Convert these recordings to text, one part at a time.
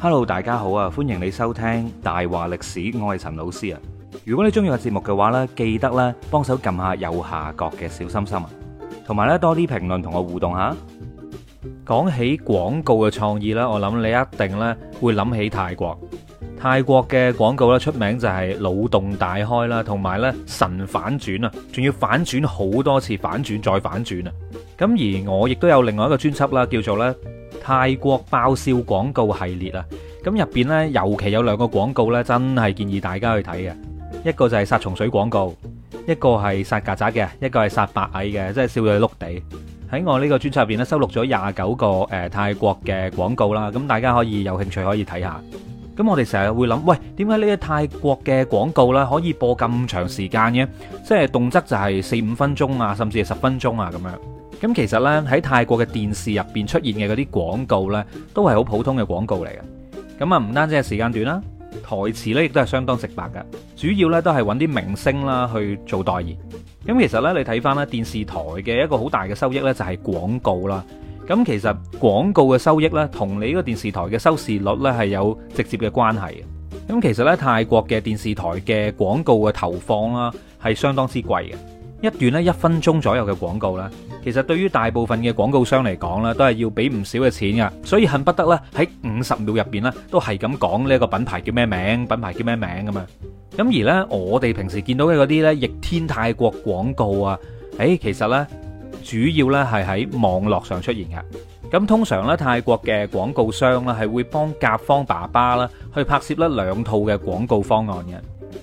Hello，大家好啊！歡迎你收聽大話歷史，我係陳老師啊！如果你中意個節目嘅話呢，記得咧幫手撳下右下角嘅小心心啊，同埋呢多啲評論同我互動下。講起廣告嘅創意呢，我諗你一定呢會諗起泰國。泰國嘅廣告呢出名就係腦洞大開啦，同埋呢神反轉啊，仲要反轉好多次，反轉再反轉啊！咁而我亦都有另外一個專輯啦，叫做呢。泰國爆笑廣告系列啊，咁入邊咧，尤其有兩個廣告咧，真係建議大家去睇嘅，一個就係殺蟲水廣告，一個係殺曱甴嘅，一個係殺白蟻嘅，即係笑到你碌地。喺我呢個專輯入邊咧，收錄咗廿九個誒、呃、泰國嘅廣告啦，咁大家可以有興趣可以睇下。咁我哋成日會諗，喂，點解呢啲泰國嘅廣告咧可以播咁長時間嘅？即係動輒就係四五分鐘啊，甚至係十分鐘啊咁樣。咁其實呢，喺泰國嘅電視入邊出現嘅嗰啲廣告呢，都係好普通嘅廣告嚟嘅。咁啊，唔單止係時間短啦，台詞呢亦都係相當直白嘅。主要呢，都係揾啲明星啦去做代言。咁其實呢，你睇翻呢電視台嘅一個好大嘅收益呢，就係廣告啦。咁其實廣告嘅收益呢，同你呢個電視台嘅收視率呢，係有直接嘅關係。咁其實呢，泰國嘅電視台嘅廣告嘅投放啦，係相當之貴嘅。一段咧一分鐘左右嘅廣告啦，其實對於大部分嘅廣告商嚟講咧，都係要俾唔少嘅錢噶，所以恨不得咧喺五十秒入邊咧，都係咁講呢個品牌叫咩名，品牌叫咩名咁嘛。咁而咧，我哋平時見到嘅嗰啲咧，逆天泰國廣告啊，誒，其實咧主要咧係喺網絡上出現嘅。咁通常咧，泰國嘅廣告商咧係會幫甲方爸爸啦去拍攝咧兩套嘅廣告方案嘅。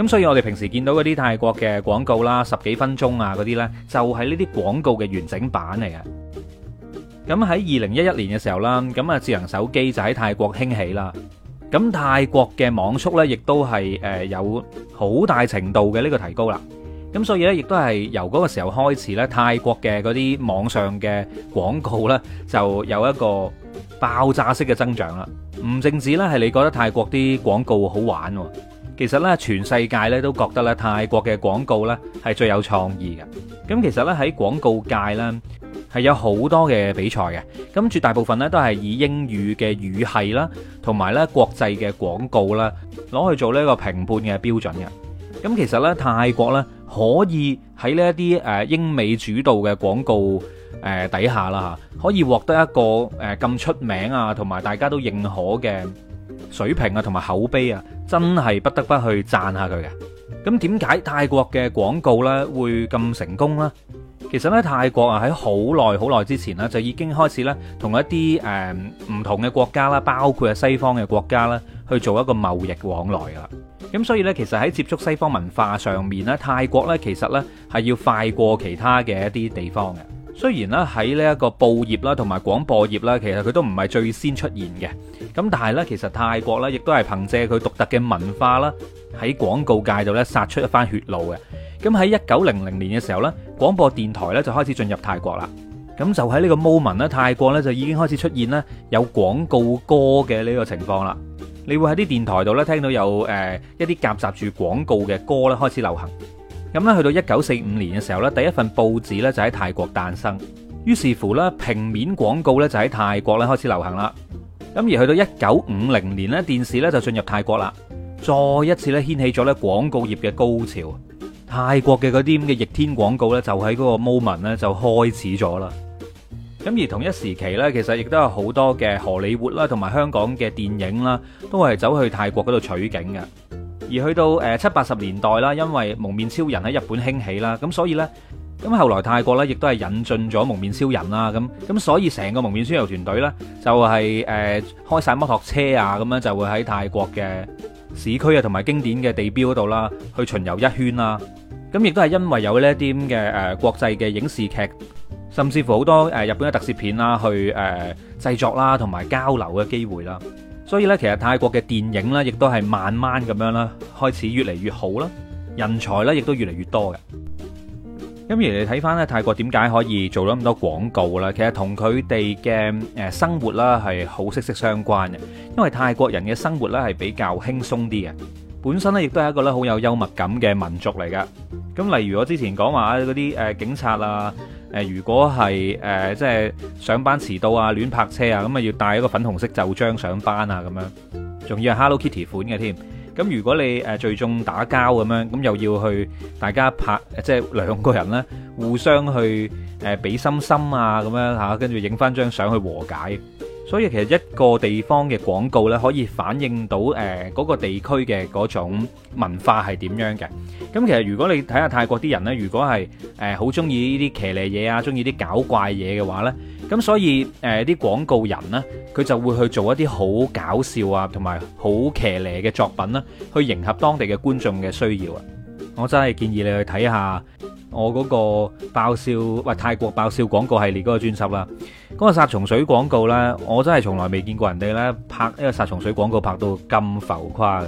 咁所以，我哋平時見到嗰啲泰國嘅廣告啦，十幾分鐘啊嗰啲呢，就係呢啲廣告嘅完整版嚟嘅。咁喺二零一一年嘅時候啦，咁啊，智能手機就喺泰國興起啦。咁泰國嘅網速呢，亦都係誒有好大程度嘅呢個提高啦。咁所以呢，亦都係由嗰個時候開始呢，泰國嘅嗰啲網上嘅廣告呢，就有一個爆炸式嘅增長啦。唔淨止呢，係你覺得泰國啲廣告好玩喎。其實咧，全世界咧都覺得咧泰國嘅廣告咧係最有創意嘅。咁其實咧喺廣告界咧係有好多嘅比賽嘅，咁絕大部分咧都係以英語嘅語系啦，同埋咧國際嘅廣告啦攞去做呢一個評判嘅標準嘅。咁其實咧泰國咧可以喺呢一啲誒英美主導嘅廣告誒底下啦嚇，可以獲得一個誒咁出名啊，同埋大家都認可嘅水平啊，同埋口碑啊，真係不得不去讚下佢嘅。咁點解泰國嘅廣告呢會咁成功呢？其實呢，泰國啊喺好耐好耐之前呢，就已經開始呢，嗯、同一啲誒唔同嘅國家啦，包括係西方嘅國家啦，去做一個貿易往來噶啦。咁所以呢，其實喺接觸西方文化上面呢，泰國呢，其實呢，係要快過其他嘅一啲地方嘅。雖然咧喺呢一個報業啦同埋廣播業啦，其實佢都唔係最先出現嘅。咁但係呢，其實泰國呢亦都係憑藉佢獨特嘅文化啦，喺廣告界度呢殺出一番血路嘅。咁喺一九零零年嘅時候呢，廣播電台呢就開始進入泰國啦。咁就喺呢個 moment 呢，泰國呢就已經開始出現呢有廣告歌嘅呢個情況啦。你會喺啲電台度呢聽到有誒、呃、一啲夾雜住廣告嘅歌呢開始流行。咁咧，去到一九四五年嘅時候咧，第一份報紙咧就喺泰國誕生，於是乎咧，平面廣告咧就喺泰國咧開始流行啦。咁而去到一九五零年咧，電視咧就進入泰國啦，再一次咧掀起咗咧廣告業嘅高潮。泰國嘅嗰啲咁嘅逆天廣告咧，就喺嗰個 moment 咧就開始咗啦。咁而同一時期咧，其實亦都有好多嘅荷里活啦，同埋香港嘅電影啦，都係走去泰國嗰度取景嘅。而去到誒七八十年代啦，因為蒙面超人喺日本興起啦，咁所以咧，咁後來泰國咧亦都係引進咗蒙面超人啦，咁咁所以成個蒙面超人團隊咧就係誒開曬摩托車啊，咁樣就會喺泰國嘅市區啊同埋經典嘅地標嗰度啦，去巡遊一圈啦。咁亦都係因為有呢一啲咁嘅誒國際嘅影視劇，甚至乎好多誒日本嘅特攝片啦，去誒製作啦同埋交流嘅機會啦。所以咧，其實泰國嘅電影咧，亦都係慢慢咁樣啦，開始越嚟越好啦，人才咧亦都越嚟越多嘅。咁而你睇返咧，泰國點解可以做咗咁多廣告啦？其實同佢哋嘅誒生活啦係好息息相關嘅，因為泰國人嘅生活咧係比較輕鬆啲嘅，本身咧亦都係一個咧好有幽默感嘅民族嚟噶。咁例如我之前講話嗰啲誒警察啊。誒如果係誒、呃、即係上班遲到啊、亂泊車啊，咁啊要戴一個粉紅色袖章上班啊，咁樣，仲要係 Hello Kitty 款嘅添。咁如果你誒、呃、最終打交咁樣，咁又要去大家拍，即係兩個人咧互相去誒、呃、比心心啊，咁樣嚇，跟住影翻張相去和解。所以其實一個地方嘅廣告咧，可以反映到誒嗰個地區嘅嗰種文化係點樣嘅。咁其實如果你睇下泰國啲人咧，如果係誒好鍾意呢啲騎呢嘢啊，鍾意啲搞怪嘢嘅話咧，咁所以誒啲廣告人咧，佢就會去做一啲好搞笑啊，同埋好騎呢嘅作品啦，去迎合當地嘅觀眾嘅需要啊。我真係建議你去睇下我嗰個爆笑，喂，泰國爆笑廣告系列嗰個專輯啦。嗰個殺蟲水廣告呢，我真係從來未見過人哋呢拍，呢個殺蟲水廣告拍到咁浮誇嘅。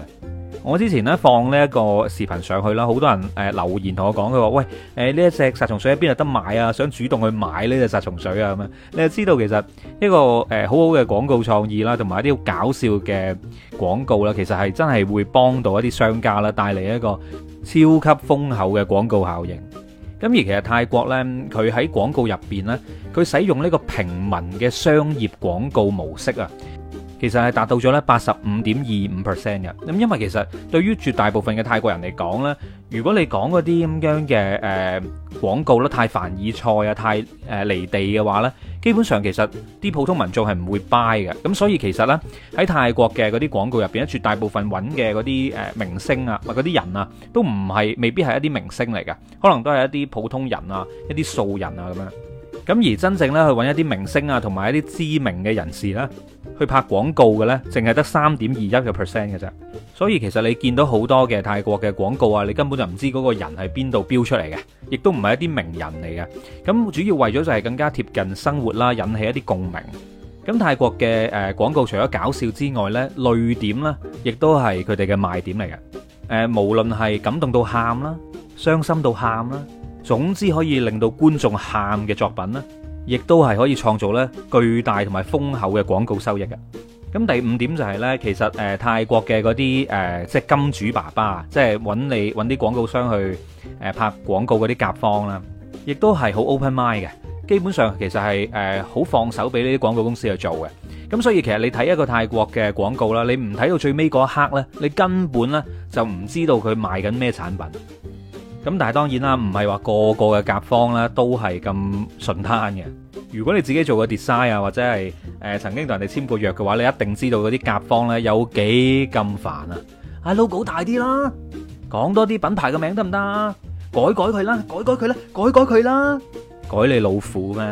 我之前呢放呢一個視頻上去啦，好多人誒留言同我講，佢話：喂，誒、呃、呢一隻殺蟲水喺邊度得買啊？想主動去買呢隻殺蟲水啊咁啊！你就知道其實一個誒、呃、好好嘅廣告創意啦，同埋一啲好搞笑嘅廣告啦，其實係真係會幫到一啲商家啦，帶嚟一個超級豐厚嘅廣告效應。咁而其實泰國呢，佢喺廣告入邊呢，佢使用呢個平民嘅商業廣告模式啊。其實係達到咗咧八十五點二五 percent 嘅。咁因為其實對於絕大部分嘅泰國人嚟講咧，如果你講嗰啲咁樣嘅誒廣告咧太凡爾賽啊、太誒離、呃、地嘅話咧，基本上其實啲普通民眾係唔會 buy 嘅。咁所以其實呢，喺泰國嘅嗰啲廣告入邊咧，絕大部分揾嘅嗰啲誒明星啊、嗰啲人啊，都唔係未必係一啲明星嚟嘅，可能都係一啲普通人啊、一啲素人啊咁樣。咁而真正咧去揾一啲明星啊，同埋一啲知名嘅人士咧，去拍廣告嘅咧，淨係得三點二一嘅 percent 嘅啫。所以其實你見到好多嘅泰國嘅廣告啊，你根本就唔知嗰個人係邊度標出嚟嘅，亦都唔係一啲名人嚟嘅。咁主要為咗就係更加貼近生活啦，引起一啲共鳴。咁泰國嘅誒廣告除咗搞笑之外咧，淚點咧，亦都係佢哋嘅賣點嚟嘅。誒，無論係感動到喊啦，傷心到喊啦。總之可以令到觀眾喊嘅作品呢，亦都係可以創造呢，巨大同埋豐厚嘅廣告收益嘅。咁第五點就係呢，其實誒泰國嘅嗰啲誒即係金主爸爸，即係揾你揾啲廣告商去誒拍廣告嗰啲甲方啦，亦都係好 open mind 嘅。基本上其實係誒好放手俾呢啲廣告公司去做嘅。咁所以其實你睇一個泰國嘅廣告啦，你唔睇到最尾嗰一刻呢，你根本呢就唔知道佢賣緊咩產品。咁但係當然啦，唔係話個個嘅甲方咧都係咁順攤嘅。如果你自己做個 design 啊，或者係誒、呃、曾經同人哋簽過約嘅話，你一定知道嗰啲甲方咧有幾咁煩啊！啊 logo 大啲啦，講多啲品牌嘅名得唔得？行行改改佢啦，改改佢啦，改改佢啦，改你老虎咩？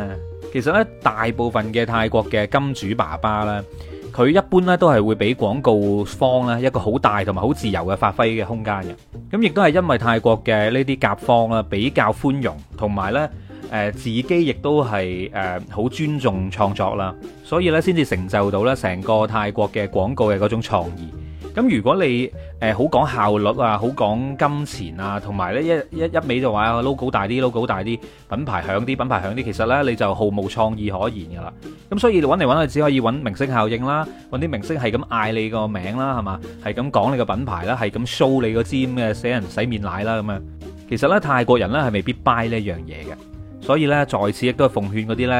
其實咧，大部分嘅泰國嘅金主爸爸咧。佢一般咧都係會俾廣告方咧一個好大同埋好自由嘅發揮嘅空間嘅，咁亦都係因為泰國嘅呢啲甲方啦比較寬容，同埋咧誒自己亦都係誒好尊重創作啦，所以咧先至成就到咧成個泰國嘅廣告嘅嗰種創意。咁如果你誒好講效率啊，好講金錢啊，同埋咧一一一味就話 logo 大啲，logo 大啲，品牌響啲，品牌響啲，其實咧你就毫無創意可言噶啦。咁所以揾嚟揾去，只可以揾明星效應啦，揾啲明星係咁嗌你個名啦，係嘛，係咁講你個品牌啦，係咁 show 你個尖嘅死人洗面奶啦咁樣。其實咧泰國人咧係未必 buy 呢一樣嘢嘅，所以咧在此亦都係奉勸嗰啲咧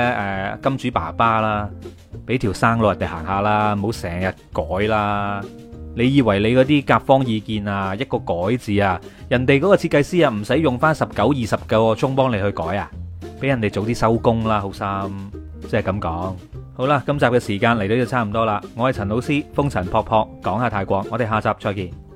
誒金主爸爸啦，俾條生路人哋行下啦，唔好成日改啦。你以為你嗰啲甲方意見啊，一個改字啊，人哋嗰個設計師啊，唔使用翻十九二十九個鐘幫你去改啊，俾人哋早啲收工啦，好心，即係咁講。好啦，今集嘅時間嚟到就差唔多啦，我係陳老師，風塵僕僕講下泰國，我哋下集再見。